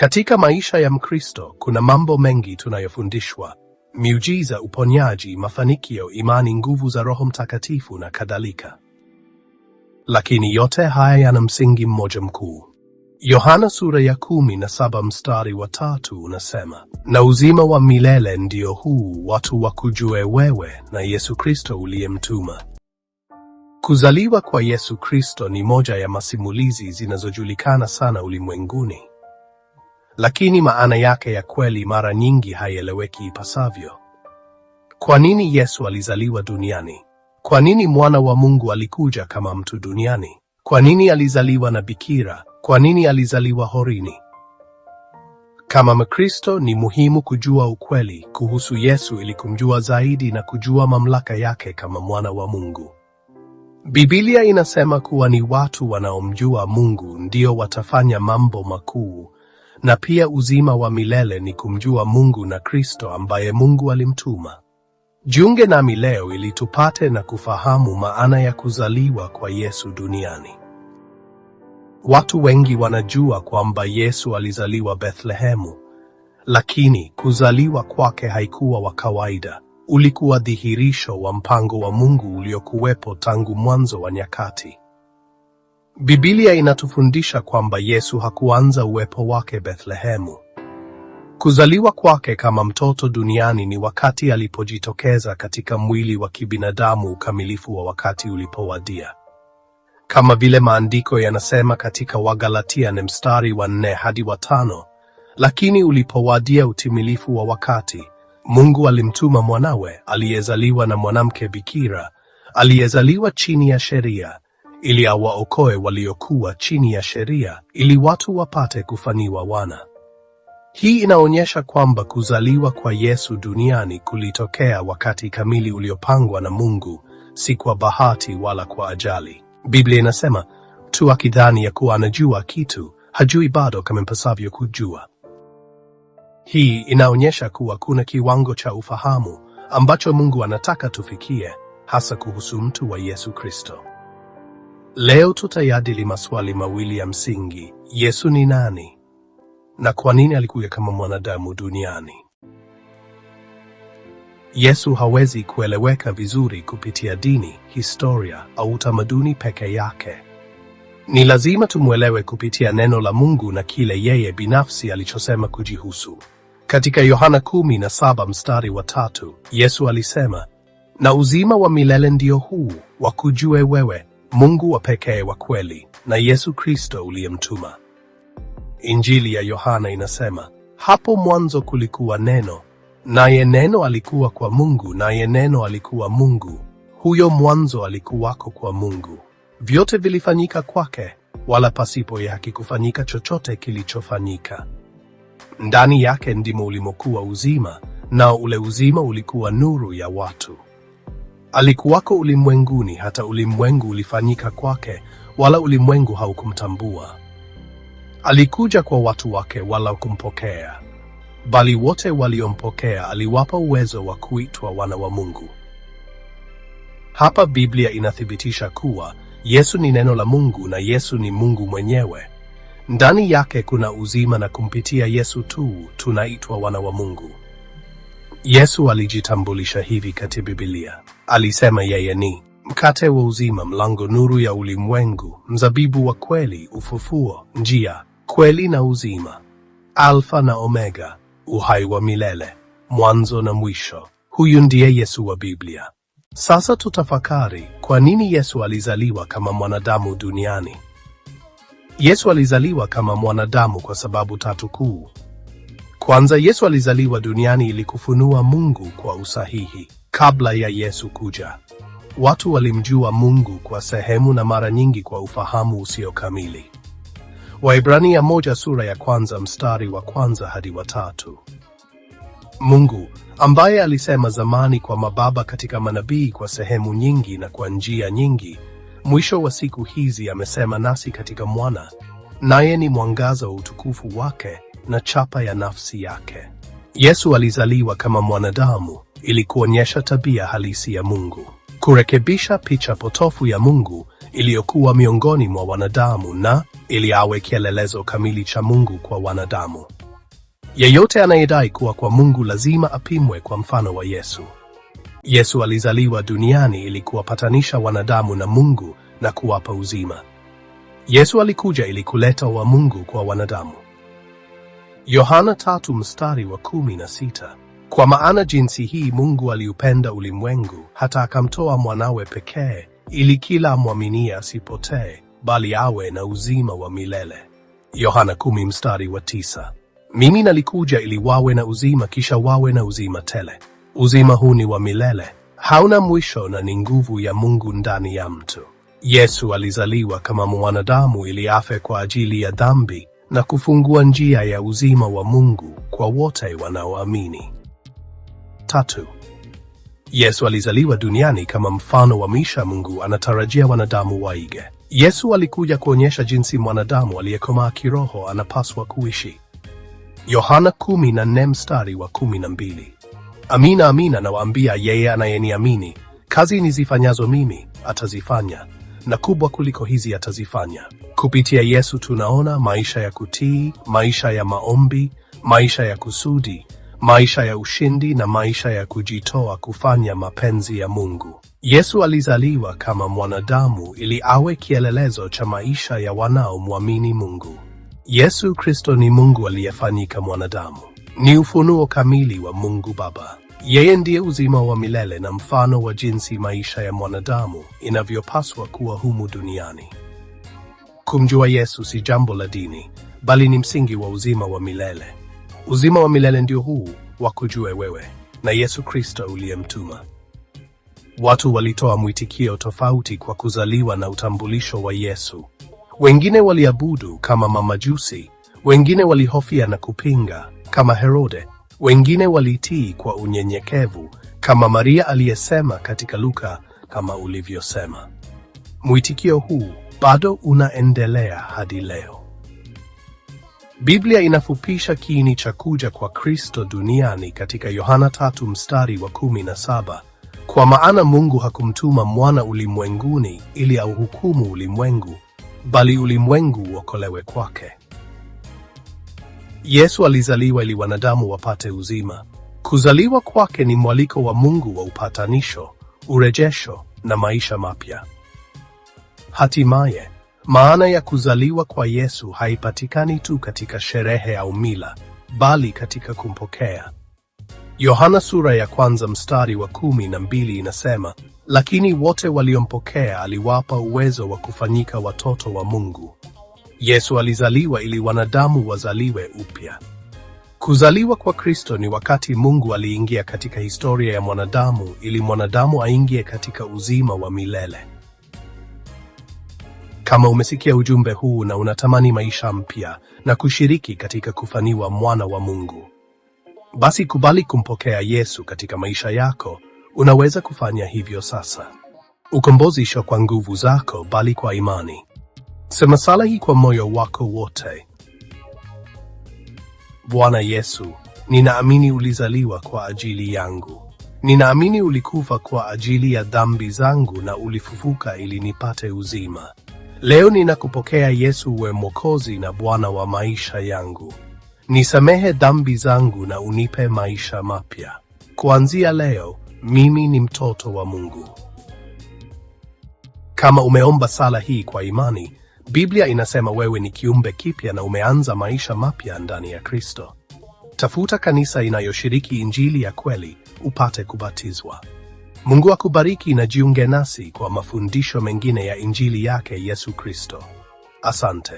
Katika maisha ya Mkristo kuna mambo mengi tunayofundishwa: miujiza, uponyaji, mafanikio, imani, nguvu za Roho Mtakatifu na kadhalika. Lakini yote haya yana msingi mmoja mkuu. Yohana sura ya kumi na saba mstari wa tatu unasema, na uzima wa milele ndio huu, watu wakujue wewe na Yesu Kristo uliyemtuma. Kuzaliwa kwa Yesu Kristo ni moja ya masimulizi zinazojulikana sana ulimwenguni lakini maana yake ya kweli mara nyingi haieleweki ipasavyo. Kwa nini Yesu alizaliwa duniani? Kwa nini mwana wa Mungu alikuja kama mtu duniani? Kwa nini alizaliwa na bikira? Kwa nini alizaliwa horini? Kama Mkristo ni muhimu kujua ukweli kuhusu Yesu ili kumjua zaidi na kujua mamlaka yake kama mwana wa Mungu. Biblia inasema kuwa ni watu wanaomjua Mungu ndio watafanya mambo makuu na pia uzima wa milele ni kumjua Mungu na Kristo ambaye Mungu alimtuma. Jiunge nami leo ili tupate na kufahamu maana ya kuzaliwa kwa Yesu duniani. Watu wengi wanajua kwamba Yesu alizaliwa Bethlehemu, lakini kuzaliwa kwake haikuwa wa kawaida. Ulikuwa dhihirisho wa mpango wa Mungu uliokuwepo tangu mwanzo wa nyakati. Biblia inatufundisha kwamba Yesu hakuanza uwepo wake Bethlehemu. Kuzaliwa kwake kama mtoto duniani ni wakati alipojitokeza katika mwili wa kibinadamu, ukamilifu wa wakati ulipowadia. Kama vile maandiko yanasema katika Wagalatia ne mstari wa nne hadi wa tano, lakini ulipowadia utimilifu wa wakati, Mungu alimtuma mwanawe aliyezaliwa na mwanamke bikira, aliyezaliwa chini ya sheria ili awaokoe waliokuwa chini ya sheria ili watu wapate kufanyiwa wana. Hii inaonyesha kwamba kuzaliwa kwa Yesu duniani kulitokea wakati kamili uliopangwa na Mungu, si kwa bahati wala kwa ajali. Biblia inasema mtu akidhani ya kuwa anajua kitu, hajui bado kama mpasavyo kujua. Hii inaonyesha kuwa kuna kiwango cha ufahamu ambacho Mungu anataka tufikie, hasa kuhusu mtu wa Yesu Kristo. Leo tutayadili maswali mawili ya msingi: Yesu ni nani na kwa nini alikuja kama mwanadamu duniani? Yesu hawezi kueleweka vizuri kupitia dini, historia au utamaduni peke yake. Ni lazima tumwelewe kupitia neno la Mungu na kile yeye binafsi alichosema kujihusu. Katika Yohana 17 mstari wa tatu, Yesu alisema, na uzima wa milele ndio huu, wakujue wewe Mungu wa pekee wa kweli na Yesu Kristo uliyemtuma. Injili ya Yohana inasema, hapo mwanzo kulikuwa neno, naye neno alikuwa kwa Mungu, naye neno alikuwa Mungu. Huyo mwanzo alikuwako kwa Mungu. Vyote vilifanyika kwake, wala pasipo yake kufanyika chochote kilichofanyika. Ndani yake ndimo ulimokuwa uzima, nao ule uzima ulikuwa nuru ya watu. Alikuwako ulimwenguni, hata ulimwengu ulifanyika kwake, wala ulimwengu haukumtambua. Alikuja kwa watu wake, wala kumpokea, bali wote waliompokea aliwapa uwezo wa kuitwa wana wa Mungu. Hapa Biblia inathibitisha kuwa Yesu ni neno la Mungu na Yesu ni Mungu mwenyewe. Ndani yake kuna uzima na kumpitia Yesu tu tunaitwa wana wa Mungu. Yesu alijitambulisha hivi katika Biblia. Alisema yeye ni mkate wa uzima, mlango, nuru ya ulimwengu, mzabibu wa kweli, ufufuo, njia, kweli na uzima, Alfa na Omega, uhai wa milele, mwanzo na mwisho. Huyu ndiye Yesu wa Biblia. Sasa tutafakari kwa nini Yesu alizaliwa kama mwanadamu duniani. Yesu alizaliwa kama mwanadamu kwa sababu tatu kuu. Kwanza, Yesu alizaliwa duniani ili kufunua Mungu kwa usahihi. Kabla ya Yesu kuja, watu walimjua Mungu kwa sehemu na mara nyingi kwa ufahamu usio kamili. Waibrania moja sura ya kwanza mstari wa kwanza hadi watatu. Mungu ambaye alisema zamani kwa mababa katika manabii kwa sehemu nyingi na kwa njia nyingi, mwisho wa siku hizi amesema nasi katika mwana, naye ni mwangaza wa utukufu wake na chapa ya nafsi yake. Yesu alizaliwa kama mwanadamu ili kuonyesha tabia halisi ya Mungu, kurekebisha picha potofu ya Mungu iliyokuwa miongoni mwa wanadamu na ili awe kielelezo kamili cha Mungu kwa wanadamu. Yeyote anayedai kuwa kwa Mungu lazima apimwe kwa mfano wa Yesu. Yesu alizaliwa duniani ili kuwapatanisha wanadamu na Mungu na kuwapa uzima. Yesu alikuja ili kuleta wa Mungu kwa wanadamu. Yohana tatu mstari wa kumi na sita kwa maana jinsi hii Mungu aliupenda ulimwengu hata akamtoa mwanawe pekee, ili kila amwaminie asipotee, bali awe na uzima wa milele. Yohana kumi mstari wa tisa. Mimi nalikuja ili wawe na uzima, kisha wawe na uzima tele. Uzima huu ni wa milele, hauna mwisho na ni nguvu ya Mungu ndani ya mtu. Yesu alizaliwa kama mwanadamu ili afe kwa ajili ya dhambi na kufungua njia ya uzima wa Mungu kwa wote wanaoamini. Tatu, Yesu alizaliwa duniani kama mfano wa maisha Mungu anatarajia wanadamu waige. Yesu alikuja kuonyesha jinsi mwanadamu aliyekomaa kiroho anapaswa kuishi. Yohana 14 mstari wa 12. Amina, amina nawaambia, yeye anayeniamini kazi nizifanyazo mimi atazifanya na kubwa kuliko hizi atazifanya. Kupitia Yesu tunaona maisha ya kutii, maisha ya maombi, maisha ya kusudi, maisha ya ushindi na maisha ya kujitoa kufanya mapenzi ya Mungu. Yesu alizaliwa kama mwanadamu ili awe kielelezo cha maisha ya wanaomwamini Mungu. Yesu Kristo ni Mungu aliyefanyika mwanadamu. Ni ufunuo kamili wa Mungu Baba. Yeye ndiye uzima wa milele na mfano wa jinsi maisha ya mwanadamu inavyopaswa kuwa humu duniani. Kumjua Yesu si jambo la dini, bali ni msingi wa uzima wa milele. Uzima wa milele ndio huu wa kujue wewe na Yesu Kristo uliyemtuma. Watu walitoa mwitikio tofauti kwa kuzaliwa na utambulisho wa Yesu. Wengine waliabudu kama mamajusi, wengine walihofia na kupinga kama Herode. Wengine walitii kwa unyenyekevu kama Maria aliyesema katika Luka, kama ulivyosema. Mwitikio huu bado unaendelea hadi leo. Biblia inafupisha kiini cha kuja kwa Kristo duniani katika Yohana tatu mstari wa kumi na saba kwa maana Mungu hakumtuma mwana ulimwenguni ili auhukumu ulimwengu, bali ulimwengu uokolewe kwake. Yesu alizaliwa ili wanadamu wapate uzima. Kuzaliwa kwake ni mwaliko wa Mungu wa upatanisho, urejesho na maisha mapya. Hatimaye, maana ya kuzaliwa kwa Yesu haipatikani tu katika sherehe au mila, bali katika kumpokea. Yohana sura ya kwanza mstari wa kumi na mbili inasema, lakini wote waliompokea aliwapa uwezo wa kufanyika watoto wa Mungu, Yesu alizaliwa ili wanadamu wazaliwe upya. Kuzaliwa kwa Kristo ni wakati Mungu aliingia katika historia ya mwanadamu ili mwanadamu aingie katika uzima wa milele. Kama umesikia ujumbe huu na unatamani maisha mpya na kushiriki katika kufaniwa mwana wa Mungu, basi kubali kumpokea Yesu katika maisha yako. Unaweza kufanya hivyo sasa. Ukombozi sio kwa nguvu zako, bali kwa imani. Sema sala hii kwa moyo wako wote. Bwana Yesu, ninaamini ulizaliwa kwa ajili yangu. Ninaamini ulikufa kwa ajili ya dhambi zangu na ulifufuka ili nipate uzima. Leo ninakupokea Yesu, we Mwokozi na Bwana wa maisha yangu. Nisamehe dhambi zangu na unipe maisha mapya. Kuanzia leo, mimi ni mtoto wa Mungu. Kama umeomba sala hii kwa imani, Biblia inasema wewe ni kiumbe kipya na umeanza maisha mapya ndani ya Kristo. Tafuta kanisa inayoshiriki injili ya kweli upate kubatizwa. Mungu akubariki na jiunge nasi kwa mafundisho mengine ya injili yake Yesu Kristo. Asante.